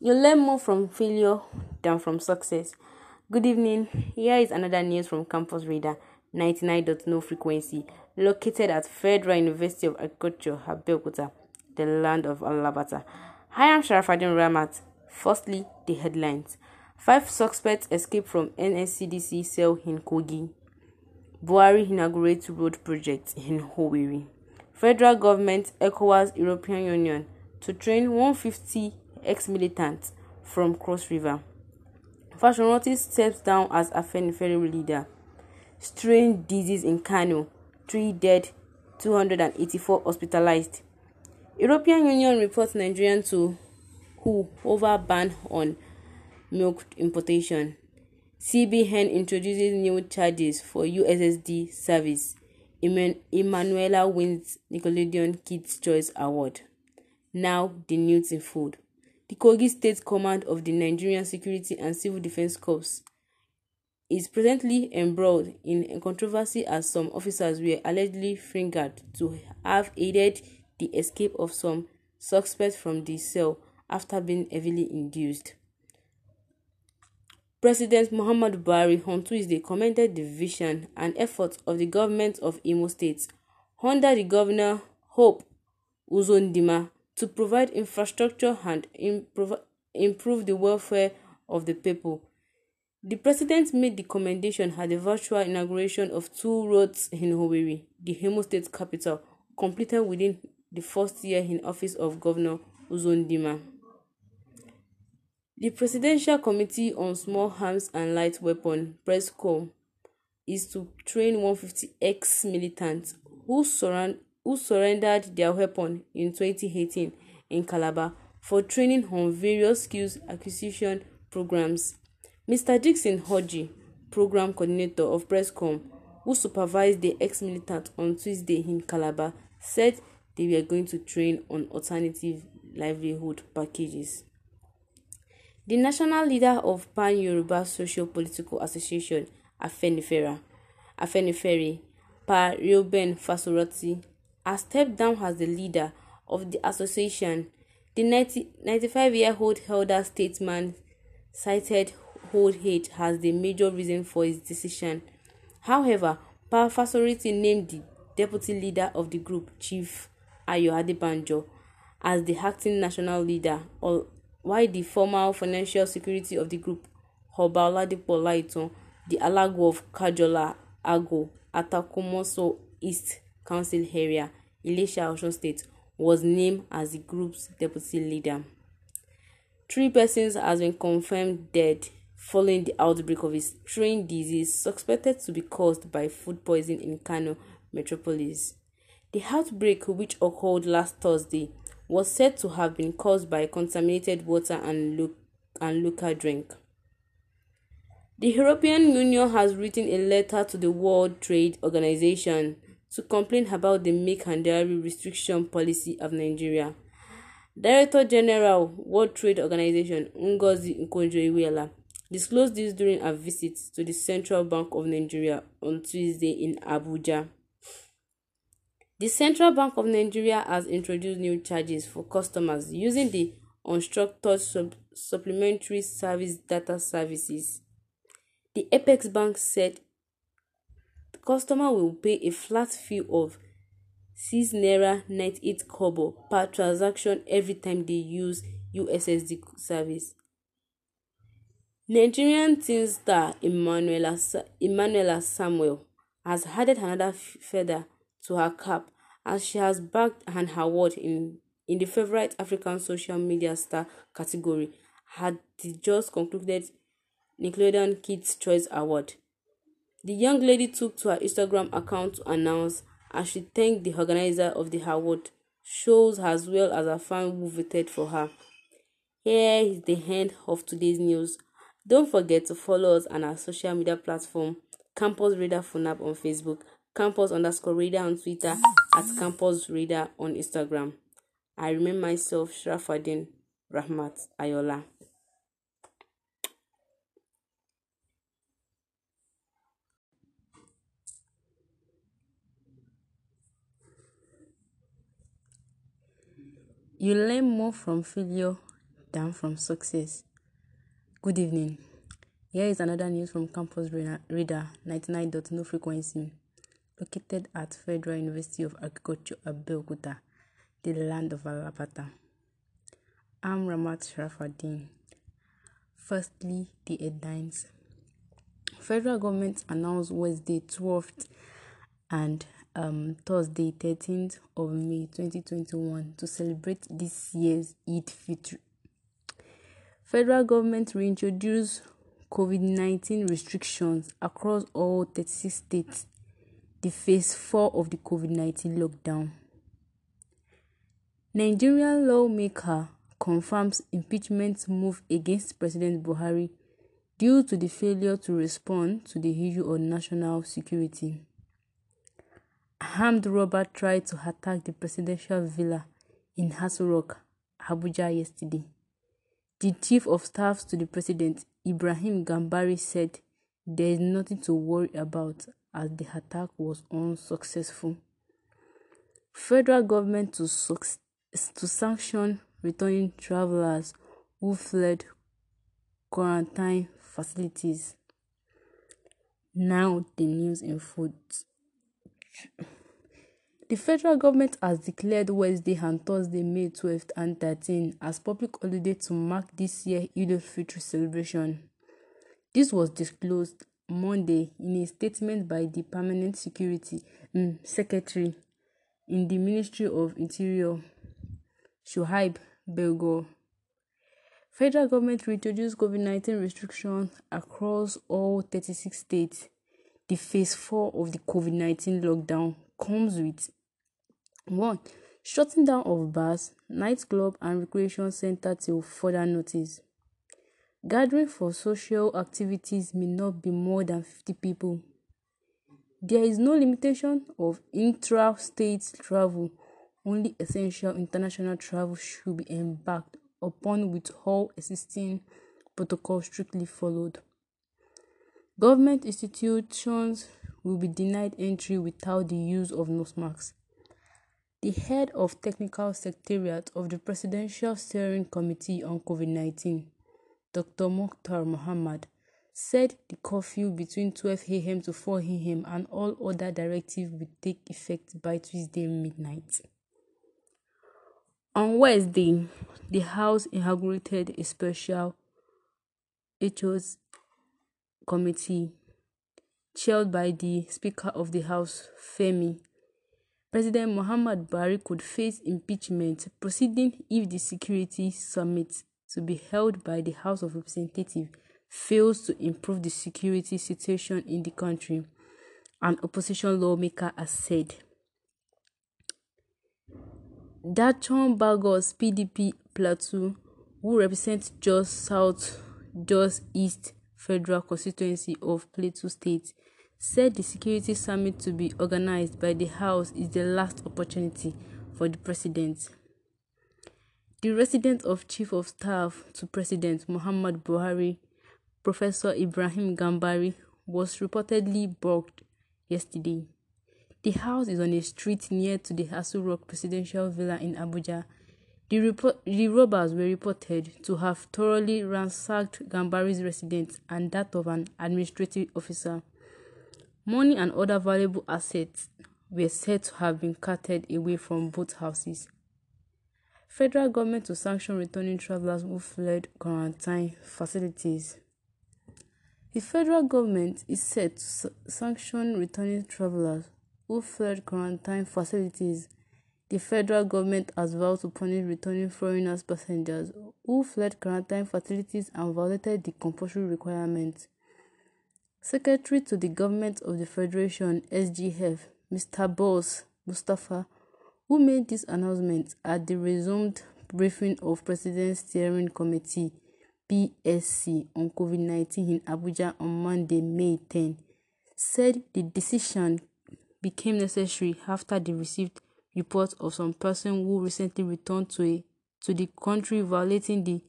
You learn more from failure than from success. Good evening. Here is another news from Campus Radar 99.0 frequency, located at Federal University of Agriculture, Abeokuta, the land of Alabata. Hi, I'm Sharafadin Ramat. Firstly, the headlines. Five suspects escape from NSCDC cell in Kogi. Buhari inaugurates road project in Howeri. Federal government ECOWAS European Union to train 150 ex-militant from Cross River. Fashoranti steps down as Afenifere leader. Strange disease in Kano, 3 dead, 284 hospitalized. European Union reports Nigerian to WHO over ban on milk importation. CBN introduces new charges for USSD service. Eman- Emanuela wins Nickelodeon Kids Choice Award. Now the news in food. The Kogi State Command of the Nigerian Security and Civil Defense Corps is presently embroiled in a controversy as some officers were allegedly fingered to have aided the escape of some suspects from the cell after being heavily induced. President Muhammad Buhari on Tuesday commended the vision and efforts of the government of Imo State under the governor Hope Uzondima to provide infrastructure and improve, improve the welfare of the people. The president made the commendation at the virtual inauguration of two roads in Owerri, the Hemo state capital, completed within the first year in office of Governor Uzundima. The Presidential Committee on Small Arms and Light Weapons, PRESCO, is to train 150 ex-militants who surround who surrendered their weapon in 2018 in Calabar for training on various skills acquisition programs. Mr. Dixon Hodge, program coordinator of Presscom, who supervised the ex-militant on Tuesday in Calabar, said they were going to train on alternative livelihood packages. The national leader of Pan Yoruba Social Political Association, Afenifera, Afenifere, Pa Reuben Fasorati, I stepped down as the leader of the association, the 90, 95-year-old elder statesman cited old age as the major reason for his decision. However, Power Fasoriti named the deputy leader of the group, Chief Ayo Adebanjo, as the acting national leader, while the former financial security of the group, Oba Oladipo the Alago of Kajola, Ago, Atakumoso East, Council area, Elisha Ocean State, was named as the group's deputy leader. Three persons has been confirmed dead following the outbreak of a strange disease suspected to be caused by food poisoning in Kano metropolis. The outbreak, which occurred last Thursday, was said to have been caused by contaminated water and, lo- and local drink. The European Union has written a letter to the World Trade Organization to complain about the make and dairy restriction policy of Nigeria. Director General World Trade Organization Ngozi Nkonjo-Iweala disclosed this during a visit to the Central Bank of Nigeria on Tuesday in Abuja. The Central Bank of Nigeria has introduced new charges for customers using the unstructured sub- supplementary service data services. The Apex Bank said Customer will pay a flat fee of 6 naira 98 kobo per transaction every time they use USSD service. Nigerian teen star Emanuela, Samuel has added another feather to her cap as she has bagged an award in, in the favorite African social media star category at the just concluded Nickelodeon Kids' Choice Award. The young lady took to her Instagram account to announce as she thanked the organizer of the award shows as well as her fan who voted for her. Here is the end of today's news. Don't forget to follow us on our social media platform Campus Radar Funab on Facebook, Campus underscore Radar on Twitter, at Campus Radar on Instagram. I remain myself Shrafadin Rahmat Ayola. You learn more from failure than from success. Good evening. Here is another news from Campus Reader 99.no frequency, located at Federal University of Agriculture, Abeokuta, the land of Alapata. I'm Ramat Sharafaddin. Firstly, the headlines. Federal government announced Wednesday 12th and um, Thursday, 13th of May 2021, to celebrate this year's Eid Fitr. Federal government reintroduced COVID-19 restrictions across all 36 states. The phase 4 of the COVID-19 lockdown. Nigerian lawmaker confirms impeachment move against President Buhari due to the failure to respond to the issue on national security armed robber tried to attack the presidential villa in Hassel Rock, Abuja yesterday. The chief of staff to the president, Ibrahim Gambari, said there is nothing to worry about as the attack was unsuccessful. Federal government to, to sanction returning travelers who fled quarantine facilities. Now the news in food. The federal government has declared Wednesday and Thursday, May 12th and 13th, as public holiday to mark this year's Eid al-Fitr celebration. This was disclosed Monday in a statement by the Permanent Security um, Secretary in the Ministry of Interior, Shoaib Belgo. Federal government reintroduced COVID-19 restrictions across all 36 states. The phase 4 of the COVID-19 lockdown comes with 1. Shutting down of bars, nightclub and recreation center till further notice. Gathering for social activities may not be more than 50 people. There is no limitation of intra-state travel. Only essential international travel should be embarked upon with all existing protocols strictly followed. Government institutions will be denied entry without the use of nose masks the head of Technical Secretariat of the Presidential Steering Committee on COVID-19, Dr. Mokhtar Mohammed, said the curfew between 12 a.m. to 4 a.m. and all other directives will take effect by Tuesday midnight. On Wednesday, the House inaugurated a special HOS committee chaired by the Speaker of the House, Femi President Muhammad Buhari could face impeachment proceedings if the Security Summit to be held by the House of Representatives fails to improve the security situation in the country, an opposition lawmaker has said. Dachon Bagos PDP Plateau, who represents just South, just East federal constituency of Plateau State, said the security summit to be organized by the House is the last opportunity for the president. The resident of Chief of Staff to President Muhammad Buhari, Professor Ibrahim Gambari, was reportedly burgled yesterday. The house is on a street near to the Hassel Rock Presidential Villa in Abuja. The, the robbers were reported to have thoroughly ransacked Gambari's residence and that of an administrative officer. Money and other valuable assets were said to have been carted away from both houses. Federal government to sanction returning travelers who fled quarantine facilities. The federal government is set to sanction returning travelers who fled quarantine facilities. The federal government has vowed to punish returning foreigners passengers who fled quarantine facilities and violated the compulsory requirements Secretary to the Government of the Federation (SGF), Mr. Boss Mustafa, who made this announcement at the resumed briefing of President's Steering Committee (PSC) on COVID-19 in Abuja on Monday, May 10, said the decision became necessary after they received reports of some person who recently returned to a, to the country violating the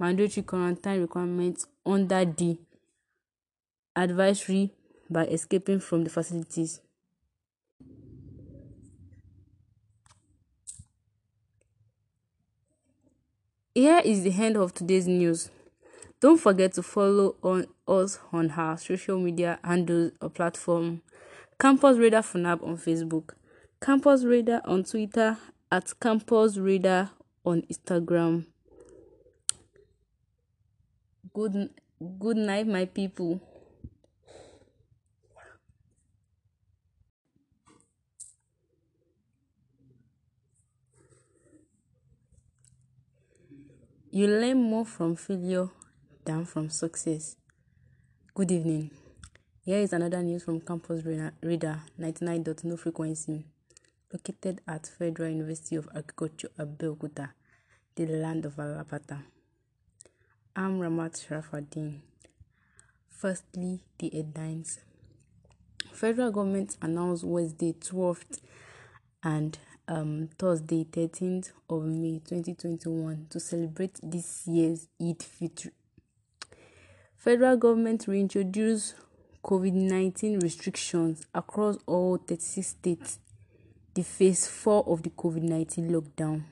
mandatory quarantine requirements under the advisory by escaping from the facilities. Here is the end of today's news. Don't forget to follow on us on our social media handles or platform Campus Radar Funab on Facebook, Campus Radar on Twitter, at Campus Radar on Instagram. Good good night my people. You learn more from failure than from success. Good evening. Here is another news from Campus Reader 99.no frequency, located at Federal University of Agriculture, Abeokuta, the land of Alapata. I'm Ramat Sharafaddin. Firstly, the headlines. Federal government announced Wednesday 12th and um, Thursday, 13th of May 2021, to celebrate this year's Eid Fitr. Federal government reintroduced COVID 19 restrictions across all 36 states, the phase 4 of the COVID 19 lockdown.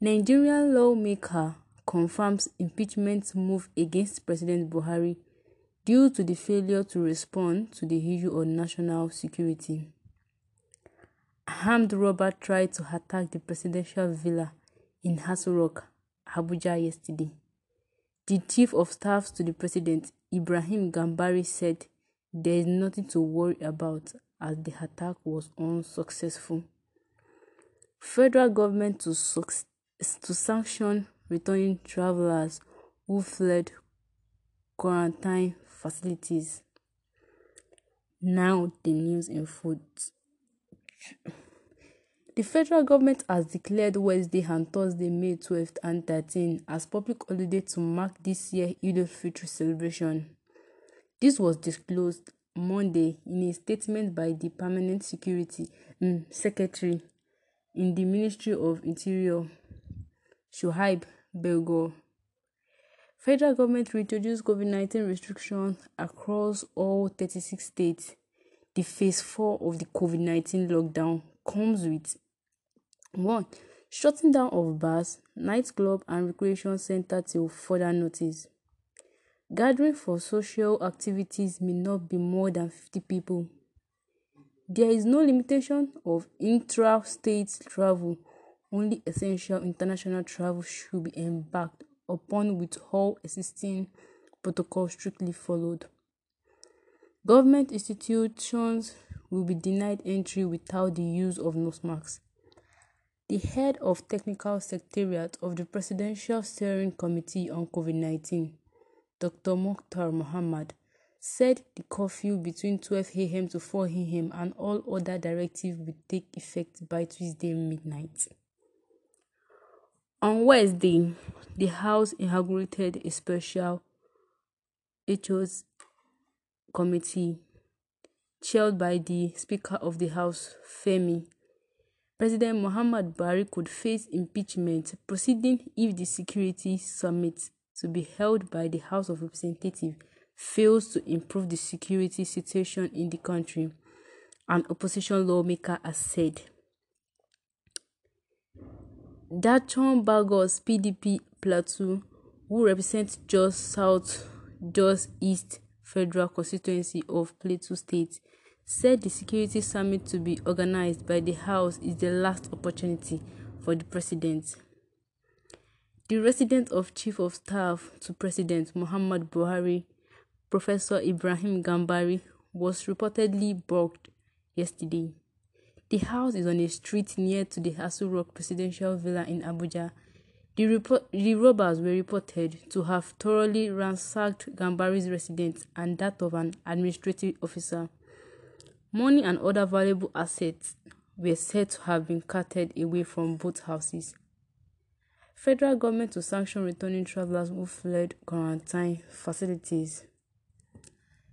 Nigerian lawmaker confirms impeachment move against President Buhari due to the failure to respond to the issue on national security armed robbers tried to attack the presidential villa in Hassel Rock, Abuja yesterday. The chief of staff to the president, Ibrahim Gambari, said there is nothing to worry about as the attack was unsuccessful. Federal government to, to sanction returning travelers who fled quarantine facilities. Now the news in food. The federal government has declared Wednesday and Thursday, May 12th and 13th, as public holiday to mark this year's Eid al Fitr celebration. This was disclosed Monday in a statement by the Permanent Security um, Secretary in the Ministry of Interior, Shoaib Belgo. Federal government reintroduced COVID-19 restrictions across all 36 states. The phase 4 of the COVID-19 lockdown comes with 1. Shutting down of bars, nightclubs, and recreation centers till further notice. Gathering for social activities may not be more than 50 people. There is no limitation of intra state travel, only essential international travel should be embarked upon with all existing protocols strictly followed. Government institutions will be denied entry without the use of nose masks the head of Technical Secretariat of the Presidential Steering Committee on COVID 19, Dr. Mokhtar Mohammed, said the curfew between 12 a.m. to 4 a.m. and all other directives would take effect by Tuesday midnight. On Wednesday, the House inaugurated a special HOS committee chaired by the Speaker of the House, Femi President Muhammad Buhari could face impeachment proceedings if the Security Summit to be held by the House of Representatives fails to improve the security situation in the country, an opposition lawmaker has said. Dachon Bagos PDP Plateau, who represents just South, just East federal constituency of Plateau State, said the security summit to be organized by the House is the last opportunity for the president. The resident of Chief of Staff to President Muhammad Buhari, Professor Ibrahim Gambari, was reportedly burgled yesterday. The house is on a street near to the Hassel Rock Presidential Villa in Abuja. The, report, the robbers were reported to have thoroughly ransacked Gambari's residence and that of an administrative officer. Money and other valuable assets were said to have been carted away from both houses. Federal government to sanction returning travelers who fled quarantine facilities.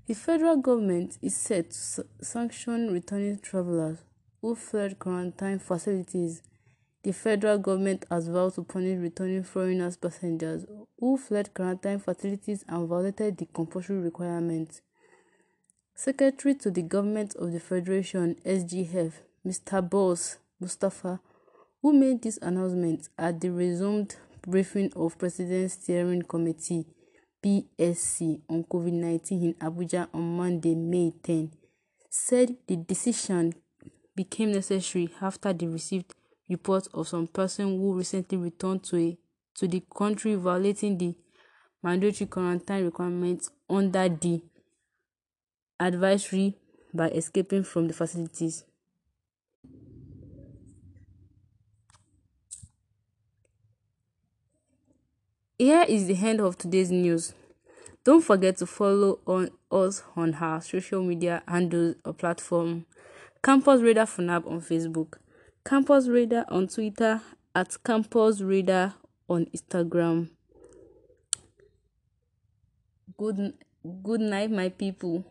The federal government is set to sanction returning travelers who fled quarantine facilities. The federal government has vowed to punish returning foreigners passengers who fled quarantine facilities and violated the compulsory requirements Secretary to the Government of the Federation (SGF), Mr. Boss Mustafa, who made this announcement at the resumed briefing of President's Steering Committee (PSC) on COVID-19 in Abuja on Monday, May 10, said the decision became necessary after they received reports of some person who recently returned to a, to the country violating the mandatory quarantine requirements under the advisory by escaping from the facilities. Here is the end of today's news. Don't forget to follow on us on our social media handles or platform. Campus Radar Funab on Facebook, Campus Radar on Twitter, at Campus Radar on Instagram. Good good night, my people.